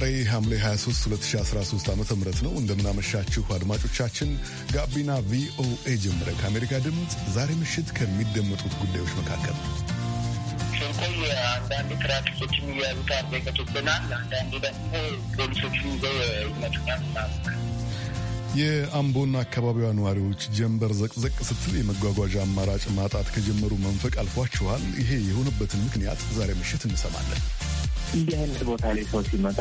ዛሬ ሐምሌ 23 2013 ዓ ም ነው። እንደምናመሻችሁ አድማጮቻችን። ጋቢና ቪኦኤ ጀመረ። ከአሜሪካ ድምፅ ዛሬ ምሽት ከሚደመጡት ጉዳዮች መካከል ሸንኮም አንዳንድ ትራፊኮችን እያሉት አርገቶብናል። አንዳንዱ ደግሞ ፖሊሶችን ይዘው ይመጡናል። የአምቦና አካባቢዋ ነዋሪዎች ጀንበር ዘቅዘቅ ስትል የመጓጓዣ አማራጭ ማጣት ከጀመሩ መንፈቅ አልፏችኋል። ይሄ የሆነበትን ምክንያት ዛሬ ምሽት እንሰማለን። እንዲህ አይነት ቦታ ላይ ሰው ሲመጣ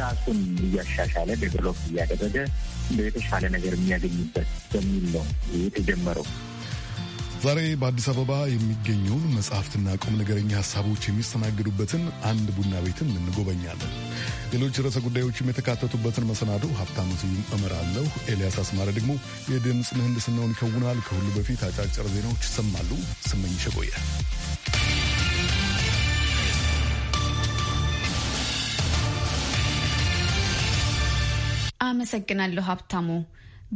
ራሱን እያሻሻለ ዴቨሎፕ እያደረገ የተሻለ ነገር የሚያገኝበት በሚል ነው የተጀመረው። ዛሬ በአዲስ አበባ የሚገኘውን መጽሐፍትና ቁም ነገረኛ ሀሳቦች የሚስተናግዱበትን አንድ ቡና ቤትም እንጎበኛለን። ሌሎች ርዕሰ ጉዳዮችም የተካተቱበትን መሰናዶ ሀብታሙ ስዩም እመራለሁ። ኤልያስ አስማረ ደግሞ የድምፅ ምህንድስናውን ይከውናል። ከሁሉ በፊት አጫጭር ዜናዎች ይሰማሉ። ስመኝሽ ቆየ አመሰግናለሁ ሀብታሙ።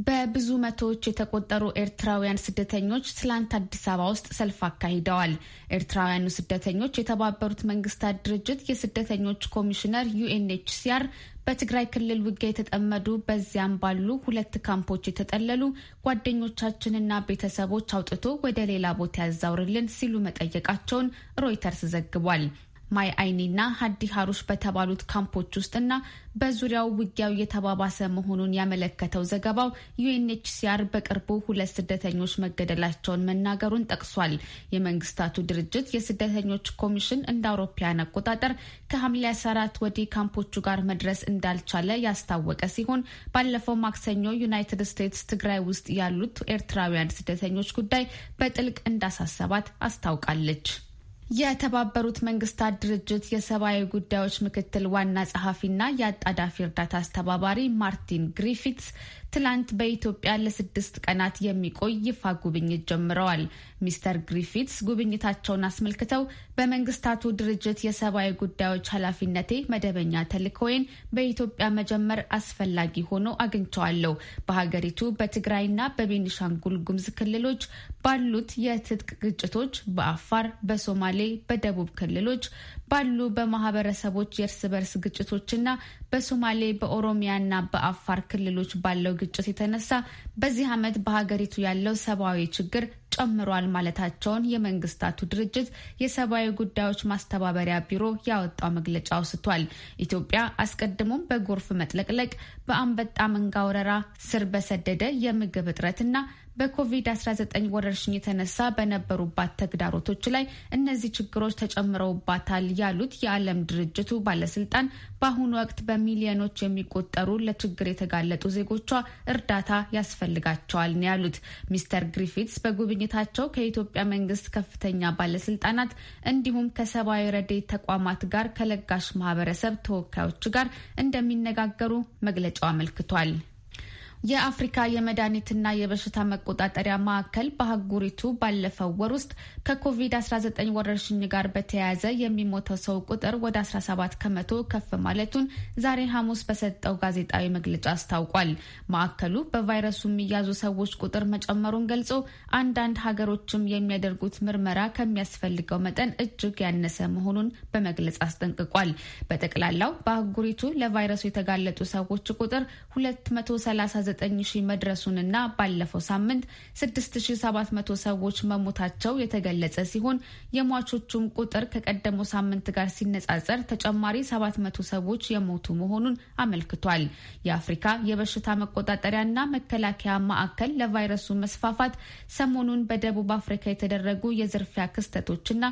በብዙ መቶዎች የተቆጠሩ ኤርትራውያን ስደተኞች ትላንት አዲስ አበባ ውስጥ ሰልፍ አካሂደዋል። ኤርትራውያኑ ስደተኞች የተባበሩት መንግስታት ድርጅት የስደተኞች ኮሚሽነር ዩኤንኤችሲአር በትግራይ ክልል ውጊያ የተጠመዱ በዚያም ባሉ ሁለት ካምፖች የተጠለሉ ጓደኞቻችንና ቤተሰቦች አውጥቶ ወደ ሌላ ቦታ ያዛውርልን ሲሉ መጠየቃቸውን ሮይተርስ ዘግቧል። ማይ አይኒና ሀዲ ሀሩሽ በተባሉት ካምፖች ውስጥና በዙሪያው ውጊያው የተባባሰ መሆኑን ያመለከተው ዘገባው ዩኤንኤችሲአር በቅርቡ ሁለት ስደተኞች መገደላቸውን መናገሩን ጠቅሷል። የመንግስታቱ ድርጅት የስደተኞች ኮሚሽን እንደ አውሮፓያን አቆጣጠር ከሐምሌ 14 ወዲህ ካምፖቹ ጋር መድረስ እንዳልቻለ ያስታወቀ ሲሆን ባለፈው ማክሰኞ ዩናይትድ ስቴትስ ትግራይ ውስጥ ያሉት ኤርትራውያን ስደተኞች ጉዳይ በጥልቅ እንዳሳሰባት አስታውቃለች። የተባበሩት መንግስታት ድርጅት የሰብአዊ ጉዳዮች ምክትል ዋና ጸሐፊና የአጣዳፊ እርዳታ አስተባባሪ ማርቲን ግሪፊትስ ትላንት በኢትዮጵያ ለስድስት ቀናት የሚቆይ ይፋ ጉብኝት ጀምረዋል። ሚስተር ግሪፊትስ ጉብኝታቸውን አስመልክተው በመንግስታቱ ድርጅት የሰብአዊ ጉዳዮች ኃላፊነቴ መደበኛ ተልእኮዬን በኢትዮጵያ መጀመር አስፈላጊ ሆኖ አግኝቸዋለሁ። በሀገሪቱ በትግራይና በቤኒሻንጉል ጉምዝ ክልሎች ባሉት የትጥቅ ግጭቶች፣ በአፋር፣ በሶማሌ፣ በደቡብ ክልሎች ባሉ በማህበረሰቦች የእርስ በርስ ግጭቶችና በሶማሌ በኦሮሚያና በአፋር ክልሎች ባለው ግጭት የተነሳ በዚህ ዓመት በሀገሪቱ ያለው ሰብአዊ ችግር ጨምሯል ማለታቸውን የመንግስታቱ ድርጅት የሰብአዊ ጉዳዮች ማስተባበሪያ ቢሮ ያወጣው መግለጫ አውስቷል። ኢትዮጵያ አስቀድሞም በጎርፍ መጥለቅለቅ፣ በአንበጣ መንጋ ወረራ፣ ስር በሰደደ የምግብ እጥረትና በኮቪድ-19 ወረርሽኝ የተነሳ በነበሩባት ተግዳሮቶች ላይ እነዚህ ችግሮች ተጨምረውባታል ያሉት የዓለም ድርጅቱ ባለስልጣን በአሁኑ ወቅት በሚሊዮኖች የሚቆጠሩ ለችግር የተጋለጡ ዜጎቿ እርዳታ ያስፈልጋቸዋል ነው ያሉት። ሚስተር ግሪፊትስ በጉብኝ መገኘታቸው ከኢትዮጵያ መንግስት ከፍተኛ ባለስልጣናት እንዲሁም ከሰብአዊ ረዴት ተቋማት ጋር ከለጋሽ ማህበረሰብ ተወካዮች ጋር እንደሚነጋገሩ መግለጫው አመልክቷል። የአፍሪካ የመድኃኒትና የበሽታ መቆጣጠሪያ ማዕከል በአህጉሪቱ ባለፈው ወር ውስጥ ከኮቪድ-19 ወረርሽኝ ጋር በተያያዘ የሚሞተው ሰው ቁጥር ወደ 17 ከመቶ ከፍ ማለቱን ዛሬ ሐሙስ በሰጠው ጋዜጣዊ መግለጫ አስታውቋል። ማዕከሉ በቫይረሱ የሚያዙ ሰዎች ቁጥር መጨመሩን ገልጾ አንዳንድ ሀገሮችም የሚያደርጉት ምርመራ ከሚያስፈልገው መጠን እጅግ ያነሰ መሆኑን በመግለጽ አስጠንቅቋል። በጠቅላላው በአህጉሪቱ ለቫይረሱ የተጋለጡ ሰዎች ቁጥር 239 19 ሺህ መድረሱንና ባለፈው ሳምንት 6700 ሰዎች መሞታቸው የተገለጸ ሲሆን የሟቾቹም ቁጥር ከቀደመው ሳምንት ጋር ሲነጻጸር ተጨማሪ 700 ሰዎች የሞቱ መሆኑን አመልክቷል። የአፍሪካ የበሽታ መቆጣጠሪያና መከላከያ ማዕከል ለቫይረሱ መስፋፋት ሰሞኑን በደቡብ አፍሪካ የተደረጉ የዝርፊያ ክስተቶችና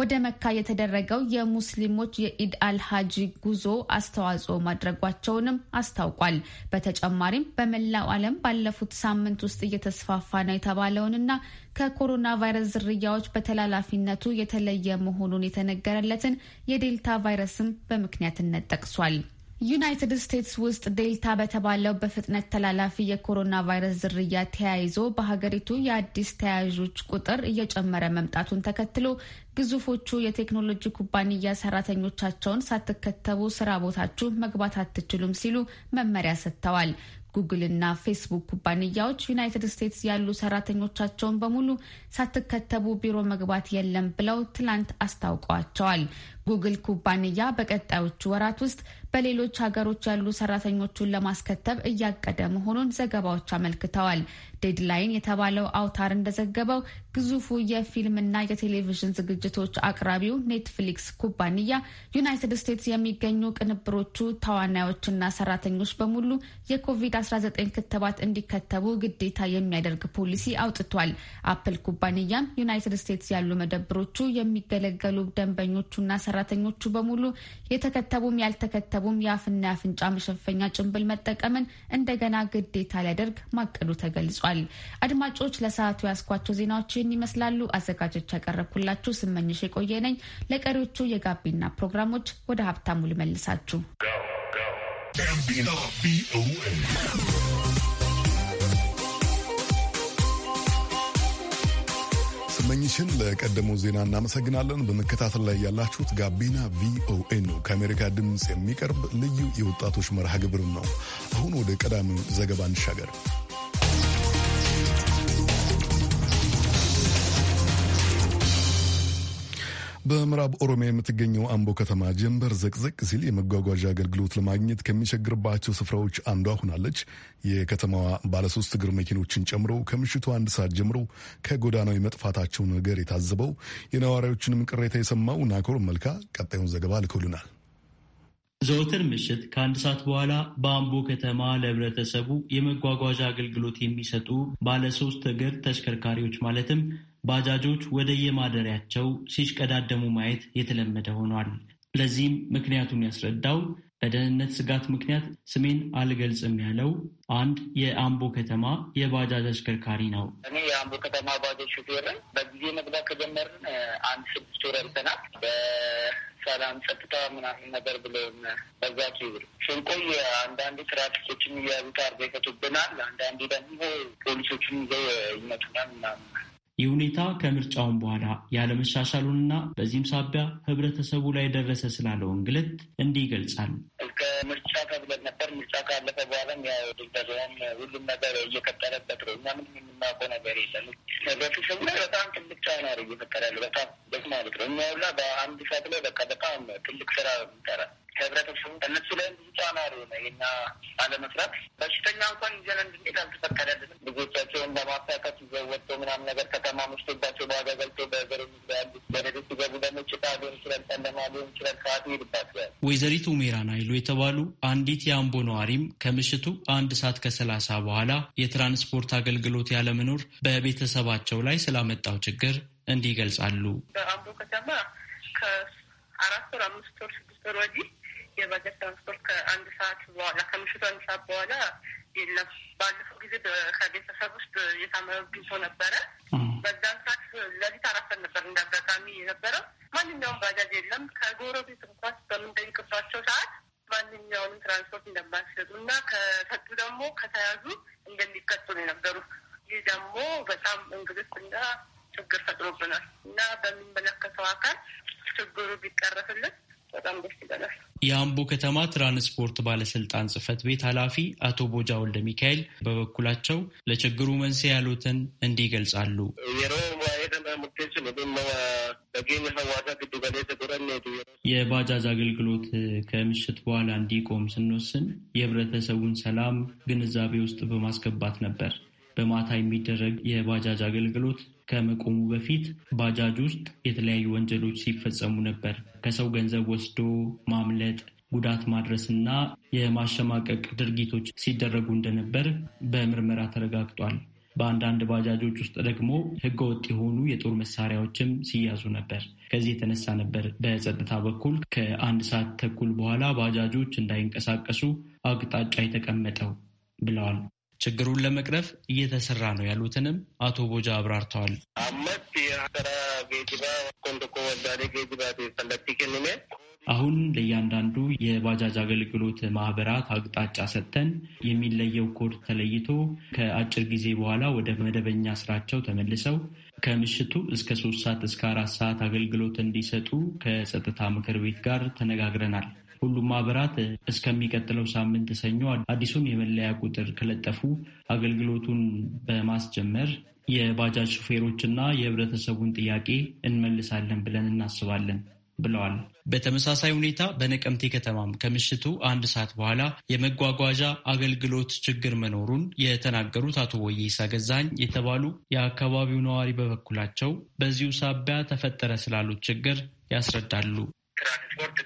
ወደ መካ የተደረገው የሙስሊሞች የኢድ አልሃጂ ጉዞ አስተዋጽኦ ማድረጓቸውንም አስታውቋል። በተጨማሪም በመላ በመላው ዓለም ባለፉት ሳምንት ውስጥ እየተስፋፋ ነው የተባለውንና ከኮሮና ቫይረስ ዝርያዎች በተላላፊነቱ የተለየ መሆኑን የተነገረለትን የዴልታ ቫይረስም በምክንያትነት ጠቅሷል። ዩናይትድ ስቴትስ ውስጥ ዴልታ በተባለው በፍጥነት ተላላፊ የኮሮና ቫይረስ ዝርያ ተያይዞ በሀገሪቱ የአዲስ ተያያዦች ቁጥር እየጨመረ መምጣቱን ተከትሎ ግዙፎቹ የቴክኖሎጂ ኩባንያ ሰራተኞቻቸውን ሳትከተቡ ስራ ቦታችሁ መግባት አትችሉም ሲሉ መመሪያ ሰጥተዋል። ጉግልና ፌስቡክ ኩባንያዎች ዩናይትድ ስቴትስ ያሉ ሰራተኞቻቸውን በሙሉ ሳትከተቡ ቢሮ መግባት የለም ብለው ትላንት አስታውቀዋቸዋል። ጉግል ኩባንያ በቀጣዮቹ ወራት ውስጥ በሌሎች ሀገሮች ያሉ ሰራተኞቹን ለማስከተብ እያቀደ መሆኑን ዘገባዎች አመልክተዋል። ዴድላይን የተባለው አውታር እንደዘገበው ግዙፉ የፊልምና የቴሌቪዥን ዝግጅቶች አቅራቢው ኔትፍሊክስ ኩባንያ ዩናይትድ ስቴትስ የሚገኙ ቅንብሮቹ ተዋናዮችና ሰራተኞች በሙሉ የኮቪድ-19 ክትባት እንዲከተቡ ግዴታ የሚያደርግ ፖሊሲ አውጥቷል። አፕል ኩባንያም ዩናይትድ ስቴትስ ያሉ መደብሮቹ የሚገለገሉ ደንበኞቹና ሰራ ሰራተኞቹ በሙሉ የተከተቡም ያልተከተቡም የአፍና የአፍንጫ መሸፈኛ ጭንብል መጠቀምን እንደገና ግዴታ ሊያደርግ ማቀዱ ተገልጿል። አድማጮች ለሰዓቱ ያስኳቸው ዜናዎች ይህን ይመስላሉ። አዘጋጆች ያቀረብኩላችሁ ስመኝሽ የቆየ ነኝ። ለቀሪዎቹ የጋቢና ፕሮግራሞች ወደ ሀብታሙ ልመልሳችሁ። ስመኝሽን ለቀደመው ዜና እናመሰግናለን። በመከታተል ላይ ያላችሁት ጋቢና ቪኦኤ ነው፣ ከአሜሪካ ድምፅ የሚቀርብ ልዩ የወጣቶች መርሃ ግብርም ነው። አሁን ወደ ቀዳሚው ዘገባ እንሻገር። በምዕራብ ኦሮሚያ የምትገኘው አምቦ ከተማ ጀንበር ዘቅዘቅ ሲል የመጓጓዣ አገልግሎት ለማግኘት ከሚቸግርባቸው ስፍራዎች አንዷ ሆናለች። የከተማዋ ባለሶስት እግር መኪኖችን ጨምሮ ከምሽቱ አንድ ሰዓት ጀምሮ ከጎዳናው የመጥፋታቸው ነገር የታዘበው የነዋሪዎችንም ቅሬታ የሰማው ናኮር መልካ ቀጣዩን ዘገባ ልኮልናል። ዘወትር ምሽት ከአንድ ሰዓት በኋላ በአምቦ ከተማ ለህብረተሰቡ የመጓጓዣ አገልግሎት የሚሰጡ ባለሶስት እግር ተሽከርካሪዎች ማለትም ባጃጆች ወደየማደሪያቸው ሲሽቀዳደሙ ማየት የተለመደ ሆኗል። ለዚህም ምክንያቱን ያስረዳው በደህንነት ስጋት ምክንያት ስሜን አልገልጽም ያለው አንድ የአምቦ ከተማ የባጃጅ አሽከርካሪ ነው። እኔ የአምቦ ከተማ ባጃጅ ሹፌር በጊዜ መግባት ከጀመርን አንድ ስድስት ወር አልፈናል። በሰላም ጸጥታ ምናምን ነገር ብለውም በዛ ሲውል ስንቆይ አንዳንድ ትራፊኮችን እያያዙ ታርገ ይፈቱብናል። አንዳንዴ ደግሞ ፖሊሶችን ይዘው ይመቱናል ምናምን ይህ ሁኔታ ከምርጫውን በኋላ ያለመሻሻሉንና በዚህም ሳቢያ ህብረተሰቡ ላይ ደረሰ ስላለው እንግልት እንዲህ ይገልጻል። ምርጫ ተብለን ነበር። ምርጫ ካለፈ በኋላም ያው ሁሉም ነገር እየቀጠለበት ነው። እኛ ምንም የምናውቀው ነገር የለም። ህብረተሰቡ ላይ በጣም ትልቅ ጫና ነው እየፈጠረ ያለ በጣም ደስ ማለት ነው። እኛ ሁላ በአንድ ላይ በቃ በጣም ትልቅ ስራ ይጠራል ህብረተሰቡ እነሱ ላይም ብዙ ጫና ሆነ ይና አለመስራት በሽተኛ እንኳን ይዘን እንድንሄድ አልተፈቀደልንም። ልጆቻቸውን ለማሳካት ይዘው ወጥቶ ምናም ነገር ከተማ መሽቶባቸው በዋጋ ገልቶ በዘሮ ይዛሉ። በሌሎች ሲገቡ ደግሞ ጭቃ ሊሆን ይችላል፣ ጨለማ ሊሆን ይችላል፣ ሰዓት ይሄድባቸዋል። ወይዘሪቱ ሜራን ኃይሉ የተባሉ አንዲት የአምቦ ነዋሪም ከምሽቱ አንድ ሰዓት ከሰላሳ በኋላ የትራንስፖርት አገልግሎት ያለመኖር በቤተሰባቸው ላይ ስላመጣው ችግር እንዲህ ይገልጻሉ። በአምቦ ከተማ ከአራት ወር አምስት ወር ስድስት ወር ወዲህ የባጃጅ ትራንስፖርት ከአንድ ሰዓት በኋላ ከምሽቱ አንድ ሰዓት በኋላ የለም። ባለፈው ጊዜ ከቤተሰብ ውስጥ የታመመ ነበረ። በዛን ሰዓት ለሊት አራት ነበር ነበር አጋጣሚ የነበረው። ማንኛውም ባጃጅ የለም። ከጎረቤት እንኳን በምንጠይቅባቸው ሰዓት ማንኛውንም ትራንስፖርት እንደማይሰጡ እና ከሰጡ ደግሞ ከተያዙ እንደሚቀጡ ነው የነበሩ። ይህ ደግሞ በጣም እንግልት እና ችግር ፈጥሮብናል እና በሚመለከተው አካል ችግሩ ቢቀረፍልን በጣም ደስ ይለናል። የአምቦ ከተማ ትራንስፖርት ባለስልጣን ጽህፈት ቤት ኃላፊ አቶ ቦጃ ወልደ ሚካኤል በበኩላቸው ለችግሩ መንስኤ ያሉትን እንዲህ ይገልጻሉ። የባጃጅ አገልግሎት ከምሽት በኋላ እንዲቆም ስንወስን የህብረተሰቡን ሰላም ግንዛቤ ውስጥ በማስገባት ነበር። በማታ የሚደረግ የባጃጅ አገልግሎት ከመቆሙ በፊት ባጃጅ ውስጥ የተለያዩ ወንጀሎች ሲፈጸሙ ነበር። ከሰው ገንዘብ ወስዶ ማምለጥ፣ ጉዳት ማድረስና የማሸማቀቅ ድርጊቶች ሲደረጉ እንደነበር በምርመራ ተረጋግጧል። በአንዳንድ ባጃጆች ውስጥ ደግሞ ሕገወጥ የሆኑ የጦር መሳሪያዎችም ሲያዙ ነበር። ከዚህ የተነሳ ነበር በጸጥታ በኩል ከአንድ ሰዓት ተኩል በኋላ ባጃጆች እንዳይንቀሳቀሱ አቅጣጫ የተቀመጠው ብለዋል ችግሩን ለመቅረፍ እየተሰራ ነው ያሉትንም አቶ ቦጃ አብራርተዋል። አሁን ለእያንዳንዱ የባጃጅ አገልግሎት ማህበራት አቅጣጫ ሰጥተን የሚለየው ኮድ ተለይቶ ከአጭር ጊዜ በኋላ ወደ መደበኛ ስራቸው ተመልሰው ከምሽቱ እስከ ሶስት ሰዓት እስከ አራት ሰዓት አገልግሎት እንዲሰጡ ከጸጥታ ምክር ቤት ጋር ተነጋግረናል። ሁሉም ማህበራት እስከሚቀጥለው ሳምንት ሰኞ አዲሱን የመለያ ቁጥር ከለጠፉ አገልግሎቱን በማስጀመር የባጃጅ ሹፌሮችና የህብረተሰቡን ጥያቄ እንመልሳለን ብለን እናስባለን ብለዋል። በተመሳሳይ ሁኔታ በነቀምቴ ከተማም ከምሽቱ አንድ ሰዓት በኋላ የመጓጓዣ አገልግሎት ችግር መኖሩን የተናገሩት አቶ ወይሳ ገዛኝ የተባሉ የአካባቢው ነዋሪ በበኩላቸው በዚሁ ሳቢያ ተፈጠረ ስላሉት ችግር ያስረዳሉ። ትራንስፖርት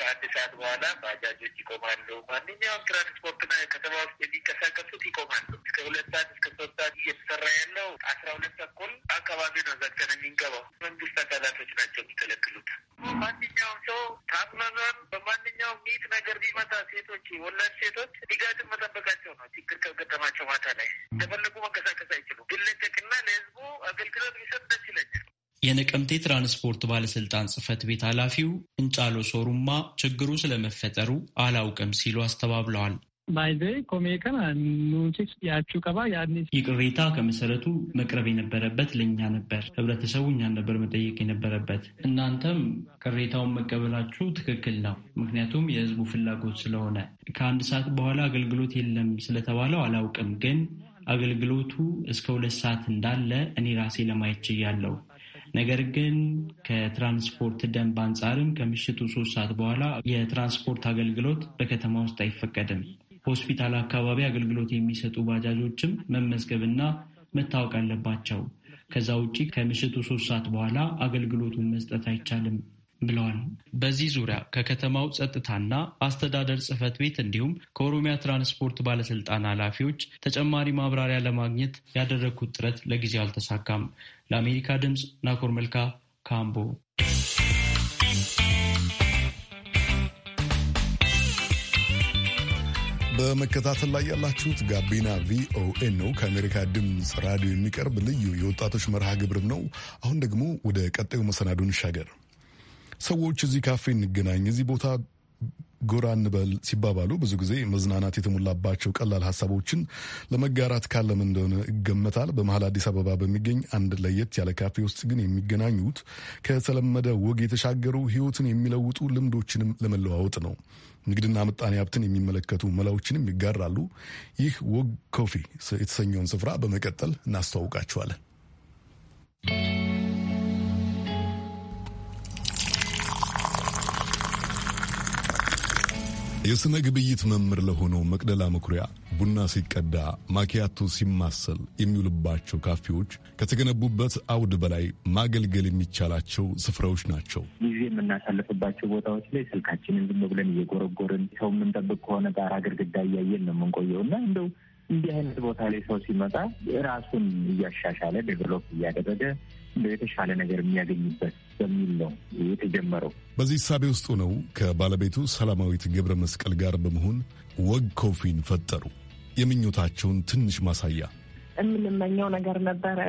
ከአንድ ሰዓት በኋላ ባጃጆች ይቆማሉ። ማንኛውም ትራንስፖርትና ከተማ ውስጥ የሚንቀሳቀሱት ይቆማሉ። እስከ ሁለት ሰዓት እስከ ሶስት ሰዓት እየተሰራ ያለው አስራ ሁለት ተኩል አካባቢ ነው ዘግተን የሚንገባው። መንግስት አካላቶች ናቸው የሚከለክሉት። ማንኛውም ሰው ታመመም በማንኛውም ሚት ነገር ቢመጣ ሴቶች፣ ወላድ ሴቶች ድጋትን መጠበቃቸው ነው። ችግር ከገጠማቸው ማታ ላይ እንደፈለጉ መንቀሳቀስ አይችሉም። ግለቀቅና ለህዝቡ አገልግሎት ሊሰጥ ደስ ይለኛል። የነቀምቴ ትራንስፖርት ባለስልጣን ጽህፈት ቤት ኃላፊው እንጫሎ ሶሩማ ችግሩ ስለመፈጠሩ አላውቅም ሲሉ አስተባብለዋል። ይቅሬታ ከመሰረቱ መቅረብ የነበረበት ለእኛ ነበር። ህብረተሰቡ እኛን ነበር መጠየቅ የነበረበት። እናንተም ቅሬታውን መቀበላችሁ ትክክል ነው፣ ምክንያቱም የህዝቡ ፍላጎት ስለሆነ። ከአንድ ሰዓት በኋላ አገልግሎት የለም ስለተባለው አላውቅም፣ ግን አገልግሎቱ እስከ ሁለት ሰዓት እንዳለ እኔ ራሴ ለማየት ችያለሁ። ነገር ግን ከትራንስፖርት ደንብ አንጻርም ከምሽቱ ሶስት ሰዓት በኋላ የትራንስፖርት አገልግሎት በከተማ ውስጥ አይፈቀድም። ሆስፒታል አካባቢ አገልግሎት የሚሰጡ ባጃጆችም መመዝገብና መታወቅ አለባቸው። ከዛ ውጪ ከምሽቱ ሶስት ሰዓት በኋላ አገልግሎቱን መስጠት አይቻልም። ብለዋል። በዚህ ዙሪያ ከከተማው ጸጥታና አስተዳደር ጽህፈት ቤት እንዲሁም ከኦሮሚያ ትራንስፖርት ባለስልጣን ኃላፊዎች ተጨማሪ ማብራሪያ ለማግኘት ያደረግኩት ጥረት ለጊዜው አልተሳካም። ለአሜሪካ ድምፅ ናኮር መልካ ካምቦ። በመከታተል ላይ ያላችሁት ጋቢና ቪኦኤ ነው። ከአሜሪካ ድምፅ ራዲዮ የሚቀርብ ልዩ የወጣቶች መርሃ ግብር ነው። አሁን ደግሞ ወደ ቀጣዩ መሰናዱ እንሻገር። ሰዎች እዚህ ካፌ እንገናኝ፣ እዚህ ቦታ ጎራ እንበል ሲባባሉ ብዙ ጊዜ መዝናናት የተሞላባቸው ቀላል ሀሳቦችን ለመጋራት ካለም እንደሆነ ይገመታል። በመሀል አዲስ አበባ በሚገኝ አንድ ለየት ያለ ካፌ ውስጥ ግን የሚገናኙት ከተለመደ ወግ የተሻገሩ ህይወትን የሚለውጡ ልምዶችንም ለመለዋወጥ ነው። ንግድና ምጣኔ ሀብትን የሚመለከቱ መላዎችንም ይጋራሉ። ይህ ወግ ኮፊ የተሰኘውን ስፍራ በመቀጠል እናስተዋውቃችኋለን። የሥነ ግብይት መምህር ለሆነው መቅደላ መኩሪያ ቡና ሲቀዳ ማኪያቶ ሲማሰል የሚውልባቸው ካፌዎች ከተገነቡበት አውድ በላይ ማገልገል የሚቻላቸው ስፍራዎች ናቸው። ጊዜ የምናሳልፍባቸው ቦታዎች ላይ ስልካችንን ዝም ብለን እየጎረጎርን ሰው የምንጠብቅ ከሆነ ጋር ግድግዳ እያየን ነው የምንቆየውና እንደው እንዲህ አይነት ቦታ ላይ ሰው ሲመጣ ራሱን እያሻሻለ ዴቨሎፕ እያደረገ የተሻለ ነገር የሚያገኝበት በሚል ነው የተጀመረው። በዚህ ሳቤ ውስጥ ነው ከባለቤቱ ሰላማዊት ገብረ መስቀል ጋር በመሆን ወግ ኮፊን ፈጠሩ። የምኞታቸውን ትንሽ ማሳያ የምንመኘው ነገር ነበረ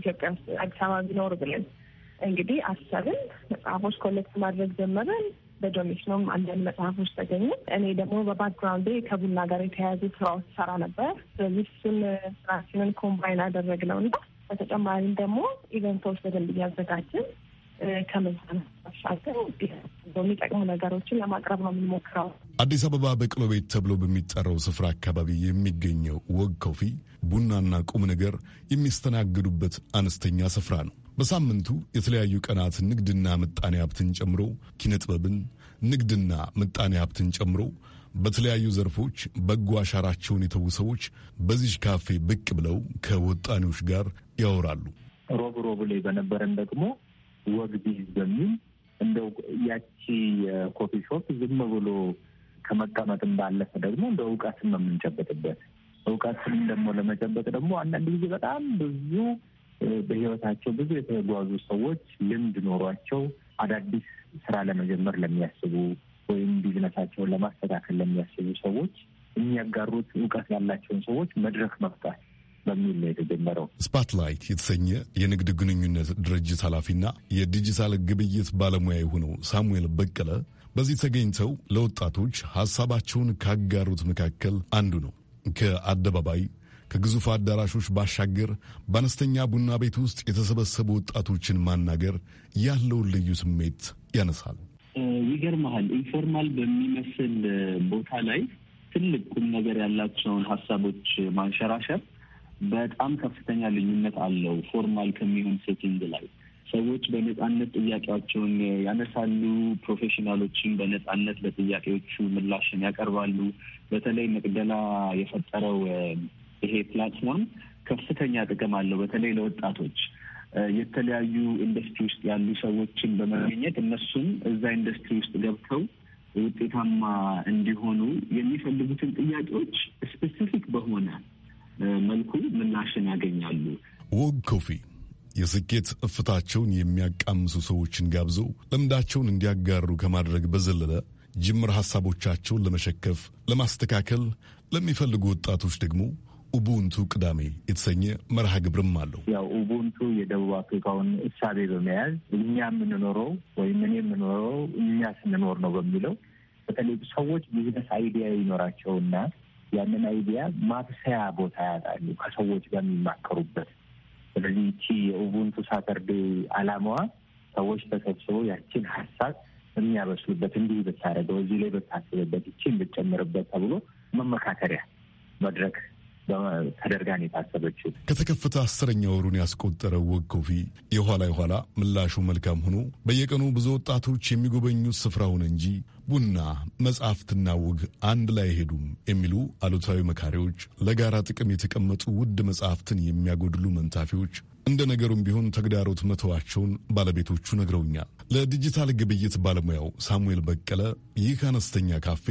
ኢትዮጵያ ውስጥ አዲስ አበባ ቢኖር ብለን እንግዲህ አሰብን፣ ፎቶግራፎች ኮሌክት ማድረግ ጀመረን። በዶሜሽኖም አንዳንድ መጽሐፎች ተገኙ። እኔ ደግሞ በባክግራውንዴ ከቡና ጋር የተያያዙ ስራዎች ሰራ ነበር። ስለዚህ እሱን ስራችንን ኮምባይን ነው እና በተጨማሪም ደግሞ ኢቨንቶች በደንብ እያዘጋጅን ከመዛነ የሚጠቅሙ ነገሮችን ለማቅረብ ነው የምንሞክረው። አዲስ አበባ በቅሎ ቤት ተብሎ በሚጠራው ስፍራ አካባቢ የሚገኘው ወግ ኮፊ ቡናና ቁም ነገር የሚስተናግዱበት አነስተኛ ስፍራ ነው። በሳምንቱ የተለያዩ ቀናት ንግድና ምጣኔ ሀብትን ጨምሮ ኪነጥበብን፣ ንግድና ምጣኔ ሀብትን ጨምሮ በተለያዩ ዘርፎች በጎ አሻራቸውን የተዉ ሰዎች በዚህ ካፌ ብቅ ብለው ከወጣኔዎች ጋር ያወራሉ። ሮብ ሮብ ላይ በነበረን ደግሞ ወግ ቢዝ በሚል እንደው ያቺ የኮፊ ሾፕ ዝም ብሎ ከመቀመጥም ባለፈ ደግሞ እንደ እውቀትን የምንጨበጥበት። እውቀትን ደግሞ ለመጨበጥ ደግሞ አንዳንድ ጊዜ በጣም ብዙ በህይወታቸው ብዙ የተጓዙ ሰዎች ልምድ ኖሯቸው አዳዲስ ስራ ለመጀመር ለሚያስቡ ወይም ቢዝነሳቸውን ለማስተካከል ለሚያስቡ ሰዎች የሚያጋሩት እውቀት ያላቸውን ሰዎች መድረክ መፍጣት በሚል ነው የተጀመረው። ስፓትላይት የተሰኘ የንግድ ግንኙነት ድርጅት ኃላፊና የዲጂታል ግብይት ባለሙያ የሆነው ሳሙኤል በቀለ በዚህ ተገኝተው ለወጣቶች ሀሳባቸውን ካጋሩት መካከል አንዱ ነው። ከአደባባይ ከግዙፍ አዳራሾች ባሻገር በአነስተኛ ቡና ቤት ውስጥ የተሰበሰቡ ወጣቶችን ማናገር ያለውን ልዩ ስሜት ያነሳል። ይገርመሃል፣ ኢንፎርማል በሚመስል ቦታ ላይ ትልቅ ቁም ነገር ያላቸውን ሀሳቦች ማንሸራሸር በጣም ከፍተኛ ልዩነት አለው ፎርማል ከሚሆን ሴቲንግ ላይ። ሰዎች በነጻነት ጥያቄያቸውን ያነሳሉ። ፕሮፌሽናሎችን በነጻነት ለጥያቄዎቹ ምላሽን ያቀርባሉ። በተለይ መቅደላ የፈጠረው ይሄ ፕላትፎርም ከፍተኛ ጥቅም አለው። በተለይ ለወጣቶች የተለያዩ ኢንዱስትሪ ውስጥ ያሉ ሰዎችን በመገኘት እነሱም እዛ ኢንዱስትሪ ውስጥ ገብተው ውጤታማ እንዲሆኑ የሚፈልጉትን ጥያቄዎች ስፔሲፊክ በሆነ መልኩ ምላሽን ያገኛሉ። ወግ ኮፊ የስኬት እፍታቸውን የሚያቃምሱ ሰዎችን ጋብዘው ልምዳቸውን እንዲያጋሩ ከማድረግ በዘለለ ጅምር ሐሳቦቻቸውን ለመሸከፍ፣ ለማስተካከል ለሚፈልጉ ወጣቶች ደግሞ ኡቡንቱ ቅዳሜ የተሰኘ መርሃ ግብርም አለው። ያው ኡቡንቱ የደቡብ አፍሪካውን እሳቤ በመያዝ እኛ የምንኖረው ወይም እኔ የምኖረው እኛ ስንኖር ነው በሚለው በተለይ ሰዎች ቢዝነስ አይዲያ ይኖራቸውና ያንን አይዲያ ማብሰያ ቦታ ያጣሉ ከሰዎች ጋር የሚማከሩበት። ስለዚህ ይቺ የኡቡንቱ ሳተርዴ አላማዋ ሰዎች ተሰብስበው ያችን ሀሳብ የሚያበስሉበት እንዲህ ብታደርገው፣ እዚህ ላይ ብታስብበት፣ ይቺ ብትጨምርበት ተብሎ መመካከሪያ መድረክ ተደርጋን የታሰበችው። ከተከፈተ አስረኛ ወሩን ያስቆጠረው ወግ ኮፊ የኋላ የኋላ ምላሹ መልካም ሆኖ በየቀኑ ብዙ ወጣቶች የሚጎበኙት ስፍራውን እንጂ ቡና፣ መጽሐፍትና ውግ አንድ ላይ አይሄዱም የሚሉ አሉታዊ መካሪዎች፣ ለጋራ ጥቅም የተቀመጡ ውድ መጽሐፍትን የሚያጎድሉ መንታፊዎች እንደ ነገሩም ቢሆን ተግዳሮት መተዋቸውን ባለቤቶቹ ነግረውኛል። ለዲጂታል ግብይት ባለሙያው ሳሙኤል በቀለ ይህ አነስተኛ ካፌ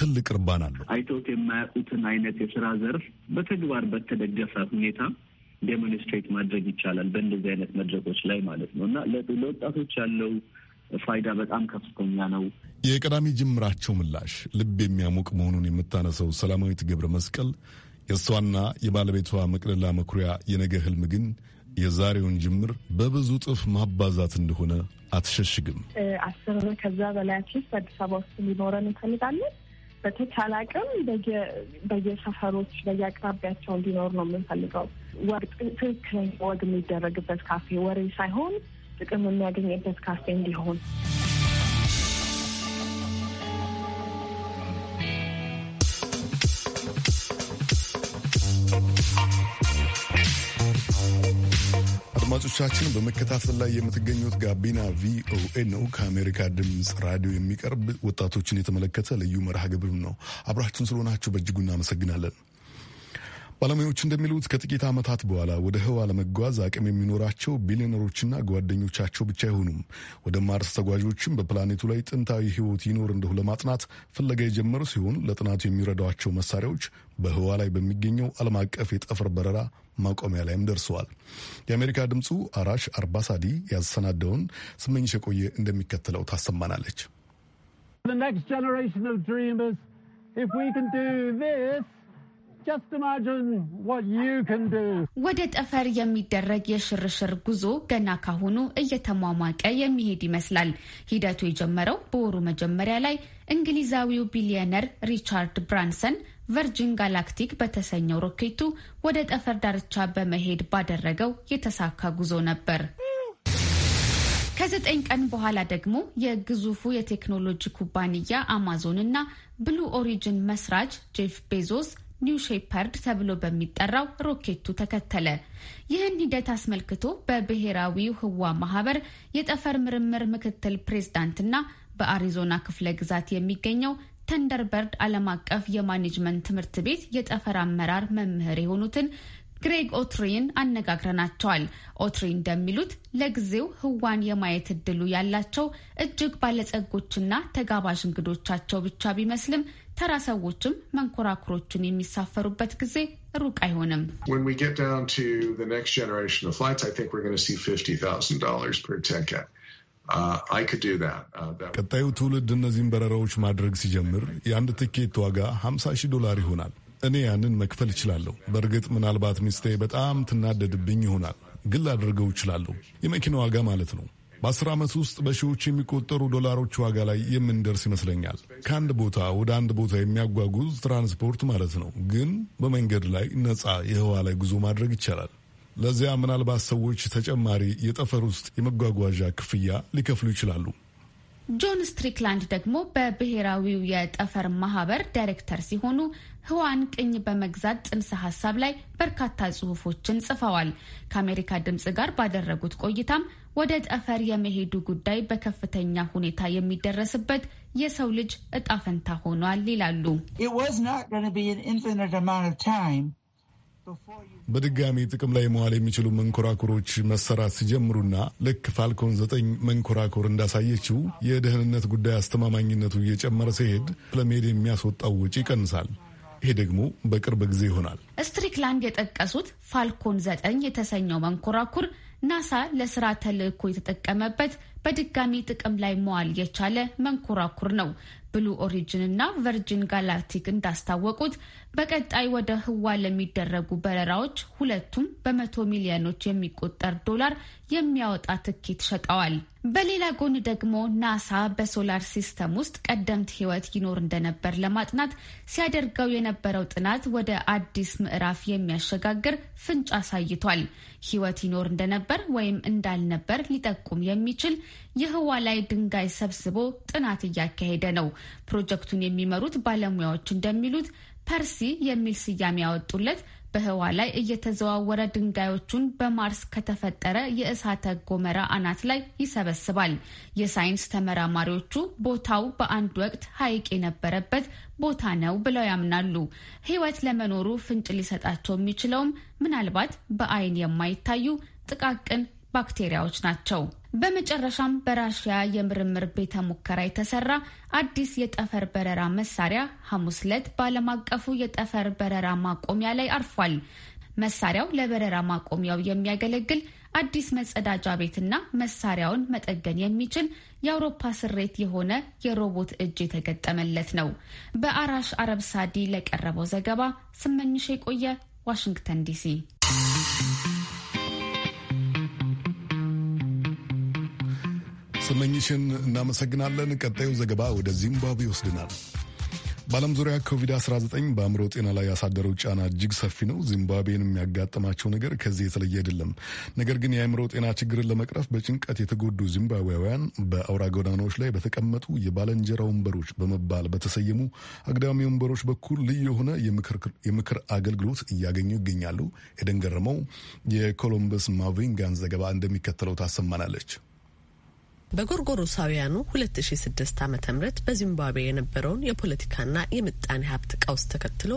ትልቅ እርባን አለው። አይቶት የማያውቁትን አይነት የስራ ዘርፍ በተግባር በተደገፈ ሁኔታ ዴሞንስትሬት ማድረግ ይቻላል በእንደዚህ አይነት መድረኮች ላይ ማለት ነው እና ለወጣቶች ያለው ፋይዳ በጣም ከፍተኛ ነው። የቀዳሚ ጅምራቸው ምላሽ ልብ የሚያሞቅ መሆኑን የምታነሰው ሰላማዊት ገብረ መስቀል የእሷና የባለቤቷ መቅደላ መኩሪያ የነገ ህልም ግን የዛሬውን ጅምር በብዙ ጥፍ ማባዛት እንደሆነ አትሸሽግም። አስር ከዛ በላይ አትሊስት አዲስ አበባ ውስጥ ሊኖረን እንፈልጋለን። በተቻለ አቅም በየሰፈሮች በየአቅራቢያቸው እንዲኖር ነው የምንፈልገው። ወግ ትክክለኛ ወግ የሚደረግበት ካፌ፣ ወሬ ሳይሆን ጥቅም የሚያገኝበት ካፌ እንዲሆን አድማጮቻችን በመከታተል ላይ የምትገኙት ጋቢና ቪኦኤ ነው። ከአሜሪካ ድምፅ ራዲዮ የሚቀርብ ወጣቶችን የተመለከተ ልዩ መርሃ ግብርም ነው። አብራችን ስለሆናችሁ በእጅጉ እናመሰግናለን። ባለሙያዎች እንደሚሉት ከጥቂት ዓመታት በኋላ ወደ ህዋ ለመጓዝ አቅም የሚኖራቸው ቢሊዮነሮችና ጓደኞቻቸው ብቻ አይሆኑም። ወደ ማርስ ተጓዦችም በፕላኔቱ ላይ ጥንታዊ ህይወት ይኖር እንደሁ ለማጥናት ፍለጋ የጀመሩ ሲሆን ለጥናቱ የሚረዷቸው መሳሪያዎች በህዋ ላይ በሚገኘው ዓለም አቀፍ የጠፈር በረራ ማቆሚያ ላይም ደርሰዋል። የአሜሪካ ድምፁ አራሽ አርባሳዲ ያሰናደውን ስመኝሽ የቆየ እንደሚከተለው ታሰማናለች። ወደ ጠፈር የሚደረግ የሽርሽር ጉዞ ገና ካሁኑ እየተሟሟቀ የሚሄድ ይመስላል። ሂደቱ የጀመረው በወሩ መጀመሪያ ላይ እንግሊዛዊው ቢሊዮነር ሪቻርድ ብራንሰን ቨርጂን ጋላክቲክ በተሰኘው ሮኬቱ ወደ ጠፈር ዳርቻ በመሄድ ባደረገው የተሳካ ጉዞ ነበር። ከዘጠኝ ቀን በኋላ ደግሞ የግዙፉ የቴክኖሎጂ ኩባንያ አማዞን እና ብሉ ኦሪጅን መስራች ጄፍ ቤዞስ ኒው ሼፐርድ ተብሎ በሚጠራው ሮኬቱ ተከተለ። ይህን ሂደት አስመልክቶ በብሔራዊው ህዋ ማህበር የጠፈር ምርምር ምክትል ፕሬዝዳንትና በአሪዞና ክፍለ ግዛት የሚገኘው ተንደርበርድ ዓለም አቀፍ የማኔጅመንት ትምህርት ቤት የጠፈር አመራር መምህር የሆኑትን ግሬግ ኦትሪን አነጋግረናቸዋል። ኦትሪ እንደሚሉት ለጊዜው ህዋን የማየት እድሉ ያላቸው እጅግ ባለጸጎችና ተጋባዥ እንግዶቻቸው ብቻ ቢመስልም ተራ ሰዎችም መንኮራኩሮቹን የሚሳፈሩበት ጊዜ ሩቅ አይሆንም። uh, uh, ቀጣዩ ትውልድ እነዚህን በረራዎች ማድረግ ሲጀምር የአንድ ትኬት ዋጋ 50 ሺህ ዶላር ይሆናል። እኔ ያንን መክፈል እችላለሁ። በእርግጥ ምናልባት ሚስቴ በጣም ትናደድብኝ ይሆናል፣ ግን ላደርገው እችላለሁ። የመኪና ዋጋ ማለት ነው። በአስር ዓመት ውስጥ በሺዎች የሚቆጠሩ ዶላሮች ዋጋ ላይ የምንደርስ ይመስለኛል። ከአንድ ቦታ ወደ አንድ ቦታ የሚያጓጉዝ ትራንስፖርት ማለት ነው። ግን በመንገድ ላይ ነፃ የህዋ ላይ ጉዞ ማድረግ ይቻላል። ለዚያ ምናልባት ሰዎች ተጨማሪ የጠፈር ውስጥ የመጓጓዣ ክፍያ ሊከፍሉ ይችላሉ። ጆን ስትሪክላንድ ደግሞ በብሔራዊው የጠፈር ማህበር ዳይሬክተር ሲሆኑ ህዋን ቅኝ በመግዛት ጥንሰ ሀሳብ ላይ በርካታ ጽሁፎችን ጽፈዋል። ከአሜሪካ ድምጽ ጋር ባደረጉት ቆይታም ወደ ጠፈር የመሄዱ ጉዳይ በከፍተኛ ሁኔታ የሚደረስበት የሰው ልጅ እጣ ፈንታ ሆኗል ይላሉ። በድጋሚ ጥቅም ላይ መዋል የሚችሉ መንኮራኩሮች መሰራት ሲጀምሩና ልክ ፋልኮን ዘጠኝ መንኮራኩር እንዳሳየችው የደህንነት ጉዳይ አስተማማኝነቱ እየጨመረ ሲሄድ ለመሄድ የሚያስወጣው ውጪ ይቀንሳል። ይሄ ደግሞ በቅርብ ጊዜ ይሆናል። ስትሪክላንድ የጠቀሱት ፋልኮን ዘጠኝ የተሰኘው መንኮራኩር ናሳ ለስራ ተልእኮ የተጠቀመበት በድጋሚ ጥቅም ላይ መዋል የቻለ መንኮራኩር ነው። ብሉ ኦሪጅን እና ቨርጂን ጋላክቲክ እንዳስታወቁት በቀጣይ ወደ ህዋ ለሚደረጉ በረራዎች ሁለቱም በመቶ ሚሊዮኖች የሚቆጠር ዶላር የሚያወጣ ትኬት ሸጠዋል። በሌላ ጎን ደግሞ ናሳ በሶላር ሲስተም ውስጥ ቀደምት ህይወት ይኖር እንደነበር ለማጥናት ሲያደርገው የነበረው ጥናት ወደ አዲስ ምዕራፍ የሚያሸጋግር ፍንጭ አሳይቷል። ሕይወት ይኖር እንደነበር ወይም እንዳልነበር ሊጠቁም የሚችል የህዋ ላይ ድንጋይ ሰብስቦ ጥናት እያካሄደ ነው። ፕሮጀክቱን የሚመሩት ባለሙያዎች እንደሚሉት ፐርሲ የሚል ስያሜ ያወጡለት በህዋ ላይ እየተዘዋወረ ድንጋዮቹን በማርስ ከተፈጠረ የእሳተ ጎመራ አናት ላይ ይሰበስባል። የሳይንስ ተመራማሪዎቹ ቦታው በአንድ ወቅት ሐይቅ የነበረበት ቦታ ነው ብለው ያምናሉ። ህይወት ለመኖሩ ፍንጭ ሊሰጣቸው የሚችለውም ምናልባት በአይን የማይታዩ ጥቃቅን ባክቴሪያዎች ናቸው። በመጨረሻም በራሽያ የምርምር ቤተ ሙከራ የተሰራ አዲስ የጠፈር በረራ መሳሪያ ሐሙስ ዕለት በዓለም አቀፉ የጠፈር በረራ ማቆሚያ ላይ አርፏል። መሳሪያው ለበረራ ማቆሚያው የሚያገለግል አዲስ መጸዳጃ ቤትና መሳሪያውን መጠገን የሚችል የአውሮፓ ስሬት የሆነ የሮቦት እጅ የተገጠመለት ነው። በአራሽ አረብ ሳዲ ለቀረበው ዘገባ ስመኝሽ የቆየ ዋሽንግተን ዲሲ ስመኝሽን እናመሰግናለን። ቀጣዩ ዘገባ ወደ ዚምባብዌ ይወስድናል። በዓለም ዙሪያ ኮቪድ-19 በአእምሮ ጤና ላይ ያሳደረው ጫና እጅግ ሰፊ ነው። ዚምባብዌን የሚያጋጥማቸው ነገር ከዚህ የተለየ አይደለም። ነገር ግን የአእምሮ ጤና ችግርን ለመቅረፍ በጭንቀት የተጎዱ ዚምባብዌያውያን በአውራ ጎዳናዎች ላይ በተቀመጡ የባለንጀራ ወንበሮች በመባል በተሰየሙ አግዳሚ ወንበሮች በኩል ልዩ የሆነ የምክር አገልግሎት እያገኙ ይገኛሉ። ኤደን ገረመው የኮሎምበስ ማቪንጋን ዘገባ እንደሚከተለው ታሰማናለች። በጎርጎሮሳውያኑ 2006 ዓ ም በዚምባብዌ የነበረውን የፖለቲካና የምጣኔ ሀብት ቀውስ ተከትሎ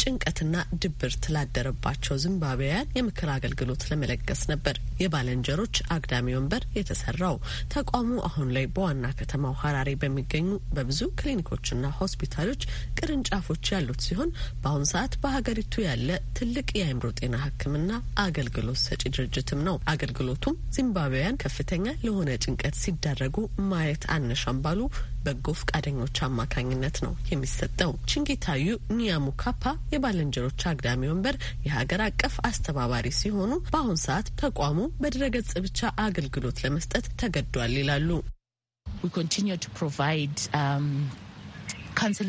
ጭንቀትና ድብርት ላደረባቸው ዚምባብያን የምክር አገልግሎት ለመለገስ ነበር የባለንጀሮች አግዳሚ ወንበር የተሰራው። ተቋሙ አሁን ላይ በዋና ከተማው ሀራሬ በሚገኙ በብዙ ክሊኒኮችና ሆስፒታሎች ቅርንጫፎች ያሉት ሲሆን በአሁኑ ሰዓት በሀገሪቱ ያለ ትልቅ የአእምሮ ጤና ሕክምና አገልግሎት ሰጪ ድርጅትም ነው። አገልግሎቱም ዚምባብያን ከፍተኛ ለሆነ ጭንቀት ሲ ሲደረጉ ማየት አንሻም ባሉ በጎ ፈቃደኞች አማካኝነት ነው የሚሰጠው። ችንጌታዩ ኒያሙ ካፓ የባልንጀሮች አግዳሚ ወንበር የሀገር አቀፍ አስተባባሪ ሲሆኑ በአሁን ሰዓት ተቋሙ በድረገጽ ብቻ አገልግሎት ለመስጠት ተገዷል ይላሉ። um, uh,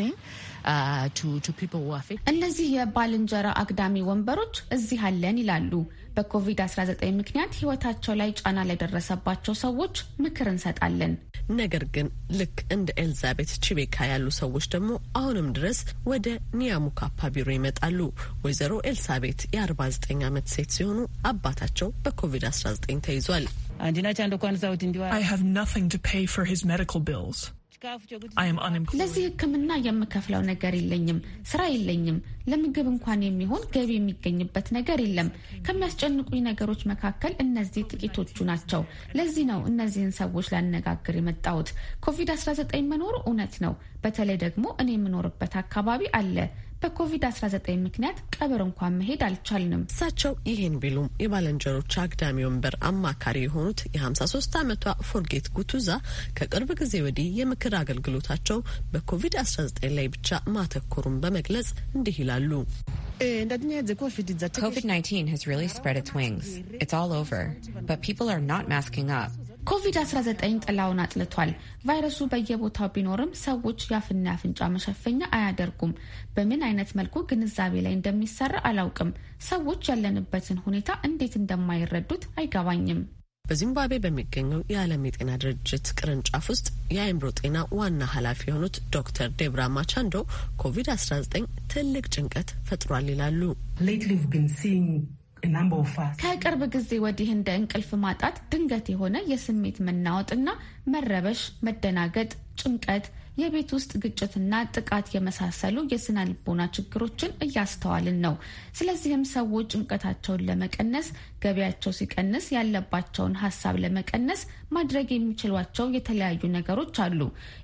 እነዚህ የባልንጀራ አግዳሚ ወንበሮች እዚህ አለን ይላሉ። በኮቪድ-19 ምክንያት ህይወታቸው ላይ ጫና ለደረሰባቸው ሰዎች ምክር እንሰጣለን። ነገር ግን ልክ እንደ ኤልዛቤት ቺቤካ ያሉ ሰዎች ደግሞ አሁንም ድረስ ወደ ኒያሙካፓ ቢሮ ይመጣሉ። ወይዘሮ ኤልሳቤት የ49 ዓመት ሴት ሲሆኑ አባታቸው በኮቪድ-19 ተይዟል። I have nothing to pay for his medical bills. ለዚህ ሕክምና የምከፍለው ነገር የለኝም። ስራ የለኝም። ለምግብ እንኳን የሚሆን ገቢ የሚገኝበት ነገር የለም። ከሚያስጨንቁኝ ነገሮች መካከል እነዚህ ጥቂቶቹ ናቸው። ለዚህ ነው እነዚህን ሰዎች ላነጋግር የመጣሁት። ኮቪድ-19 መኖሩ እውነት ነው። በተለይ ደግሞ እኔ የምኖርበት አካባቢ አለ። በኮቪድ-19 ምክንያት ቀብር እንኳን መሄድ አልቻልንም። እሳቸው ይህን ቢሉም የባለንጀሮች አግዳሚ ወንበር አማካሪ የሆኑት የ53 ዓመቷ ፎርጌት ጉቱዛ ከቅርብ ጊዜ ወዲህ የምክር አገልግሎታቸው በኮቪድ-19 ላይ ብቻ ማተኮሩን በመግለጽ እንዲህ ይላሉ። eh, ኮቪድ-19 ስ really ስ its wings. It's all over. But people are not masking up. ኮቪድ-19 ጥላውን አጥልቷል። ቫይረሱ በየቦታው ቢኖርም ሰዎች የአፍና የአፍንጫ መሸፈኛ አያደርጉም። በምን አይነት መልኩ ግንዛቤ ላይ እንደሚሰራ አላውቅም። ሰዎች ያለንበትን ሁኔታ እንዴት እንደማይረዱት አይገባኝም። በዚምባብዌ በሚገኘው የዓለም የጤና ድርጅት ቅርንጫፍ ውስጥ የአእምሮ ጤና ዋና ኃላፊ የሆኑት ዶክተር ዴብራ ማቻንዶ ኮቪድ-19 ትልቅ ጭንቀት ፈጥሯል ይላሉ። ከቅርብ ጊዜ ወዲህ እንደ እንቅልፍ ማጣት ድንገት የሆነ የስሜት መናወጥና መረበሽ፣ መደናገጥ፣ ጭንቀት የቤት ውስጥ ግጭትና ጥቃት የመሳሰሉ የስነ ልቦና ችግሮችን እያስተዋልን ነው። ስለዚህም ሰዎች ጭንቀታቸውን ለመቀነስ ገቢያቸው ሲቀንስ ያለባቸውን ሀሳብ ለመቀነስ ማድረግ የሚችሏቸው የተለያዩ ነገሮች አሉ።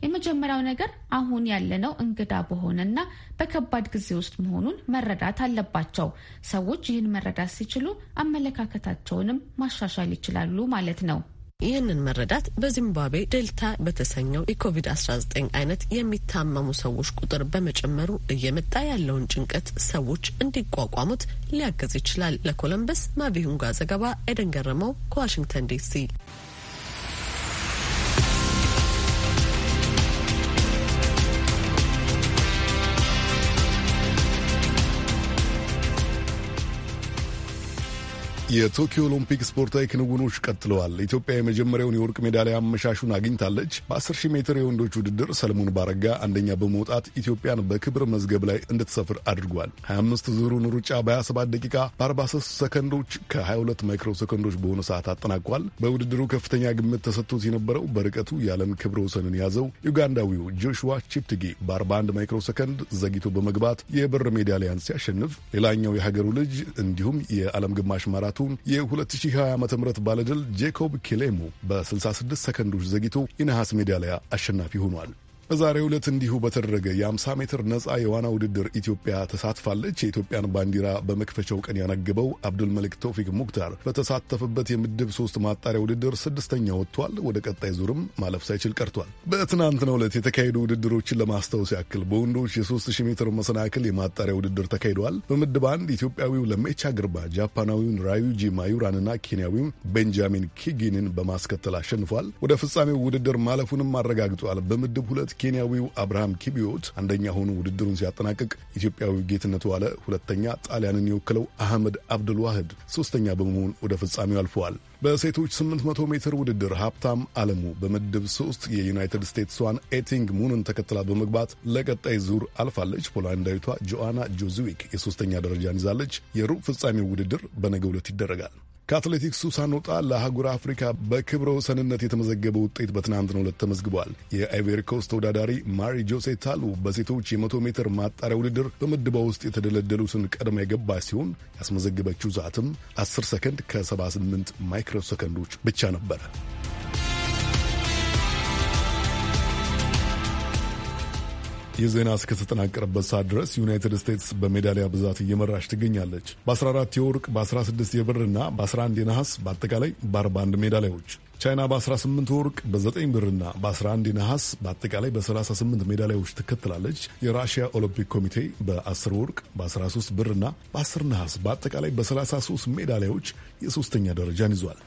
የመጀመሪያው ነገር አሁን ያለነው እንግዳ በሆነና በከባድ ጊዜ ውስጥ መሆኑን መረዳት አለባቸው። ሰዎች ይህን መረዳት ሲችሉ አመለካከታቸውንም ማሻሻል ይችላሉ ማለት ነው። ይህንን መረዳት በዚምባብዌ ዴልታ በተሰኘው የኮቪድ-19 አይነት የሚታመሙ ሰዎች ቁጥር በመጨመሩ እየመጣ ያለውን ጭንቀት ሰዎች እንዲቋቋሙት ሊያግዝ ይችላል። ለኮለምበስ ማቪሁንጋ ዘገባ ኤደን ገረመው ከዋሽንግተን ዲሲ የቶኪዮ ኦሎምፒክ ስፖርታዊ ክንውኖች ቀጥለዋል። ኢትዮጵያ የመጀመሪያውን የወርቅ ሜዳሊያ አመሻሹን አግኝታለች። በ10 ሺህ ሜትር የወንዶች ውድድር ሰለሞን ባረጋ አንደኛ በመውጣት ኢትዮጵያን በክብር መዝገብ ላይ እንድትሰፍር አድርጓል። 25 ዙሩን ሩጫ በ27 ደቂቃ በ43 ሰከንዶች ከ22 ማይክሮ ሰከንዶች በሆነ ሰዓት አጠናቋል። በውድድሩ ከፍተኛ ግምት ተሰጥቶት የነበረው በርቀቱ የዓለም ክብረ ወሰንን ያዘው ዩጋንዳዊው ጆሹዋ ቺፕትጌ በ41 ማይክሮ ሰከንድ ዘግይቶ በመግባት የብር ሜዳሊያን ሲያሸንፍ፣ ሌላኛው የሀገሩ ልጅ እንዲሁም የዓለም ግማሽ ማራቶ ሁለቱን የ2020 ዓ ም ባለድል ጄኮብ ኪሌሞ በ66 ሰከንዶች ዘግይቶ የነሐስ ሜዳሊያ አሸናፊ ሆኗል። በዛሬው ዕለት እንዲሁ በተደረገ የ50 ሜትር ነፃ የዋና ውድድር ኢትዮጵያ ተሳትፋለች። የኢትዮጵያን ባንዲራ በመክፈቻው ቀን ያነግበው አብዱል መሊክ ቶፊክ ሙክታር በተሳተፈበት የምድብ ሶስት ማጣሪያ ውድድር ስድስተኛ ወጥቷል። ወደ ቀጣይ ዙርም ማለፍ ሳይችል ቀርቷል። በትናንትናው ዕለት የተካሄዱ ውድድሮችን ለማስታወስ ያክል በወንዶች የ3000 ሜትር መሰናክል የማጣሪያ ውድድር ተካሂደዋል። በምድብ አንድ ኢትዮጵያዊው ለሜቻ ግርባ ጃፓናዊውን ራዩጂ ማዩራንና ኬንያዊውን ቤንጃሚን ኪጊንን በማስከተል አሸንፏል። ወደ ፍጻሜው ውድድር ማለፉንም አረጋግጧል። በምድብ ሁለት ኬንያዊው አብርሃም ኪቢዮት አንደኛ ሆኖ ውድድሩን ሲያጠናቅቅ፣ ኢትዮጵያዊው ጌትነት ዋለ ሁለተኛ፣ ጣሊያንን የወክለው አህመድ አብዱል ዋህድ ሶስተኛ በመሆን ወደ ፍጻሜው አልፈዋል። በሴቶች 800 ሜትር ውድድር ሀብታም አለሙ በምድብ ሶስት የዩናይትድ ስቴትስዋን ኤቲንግ ሙንን ተከትላ በመግባት ለቀጣይ ዙር አልፋለች። ፖላንዳዊቷ ጆአና ጆዝዊክ የሶስተኛ ደረጃን ይዛለች። የሩብ ፍጻሜው ውድድር በነገ ዕለት ይደረጋል። ከአትሌቲክሱ ሳንወጣ ለአህጉር አፍሪካ በክብረ ወሰንነት የተመዘገበ ውጤት በትናንትናው ዕለት ተመዝግቧል። የአይቬሪ ኮስት ተወዳዳሪ ማሪ ጆሴ ታሉ በሴቶች የመቶ ሜትር ማጣሪያ ውድድር በምድባ ውስጥ የተደለደሉትን ቀድማ የገባች ሲሆን ያስመዘገበችው ሰዓትም 10 ሰከንድ ከ78 ማይክሮ ሰከንዶች ብቻ ነበረ። የዜና እስከተጠናቀረበት ሰዓት ድረስ ዩናይትድ ስቴትስ በሜዳሊያ ብዛት እየመራች ትገኛለች። በ14 የወርቅ በ16 የብርና በ11 የነሐስ በአጠቃላይ በ41 ሜዳሊያዎች ቻይና በ18 ወርቅ በ9 ብርና በ11 ነሐስ በአጠቃላይ በ38 ሜዳሊያዎች ትከትላለች። የራሽያ ኦሎምፒክ ኮሚቴ በ10 ወርቅ በ13 ብርና በ10 ነሐስ በአጠቃላይ በ33 ሜዳሊያዎች የሶስተኛ ደረጃን ይዟል።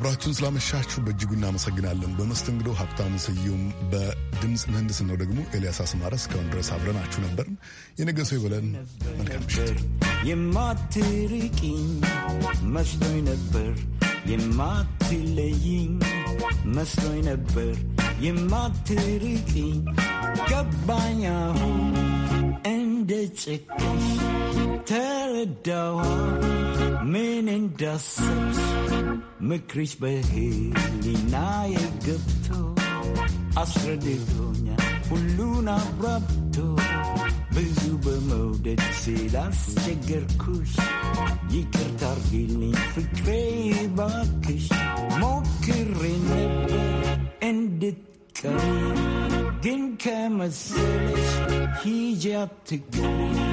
አብራችሁን ስላመሻችሁ በእጅጉ እናመሰግናለን። በመስተንግዶ ሀብታሙ ስዩም፣ በድምፅ ነው ደግሞ ኤልያስ አስማረ። እስካሁን ድረስ አብረናችሁ ነበርን። የነገ ሰው ይበለን። መልካም ምሽት። የማትርቂኝ መስሎኝ ነበር የማትለይኝ መስሎኝ ነበር የማትርቂኝ ገባኝ አሁን እንደ ጭቅሽ ተረዳዋ ምን እንዳሰብሽ ምክሪሽ በህሊና የገብቶ አስረድቶኛል ሁሉን አብራብቶ ብዙ በመውደድ ስላስቸገርኩሽ ይቅርታ አርጊልኝ ፍቅሬ ባክሽ ሞክሬ ነበር እንድትቀሪ ግን ከመሰለሽ ሂጂ አትቅሪ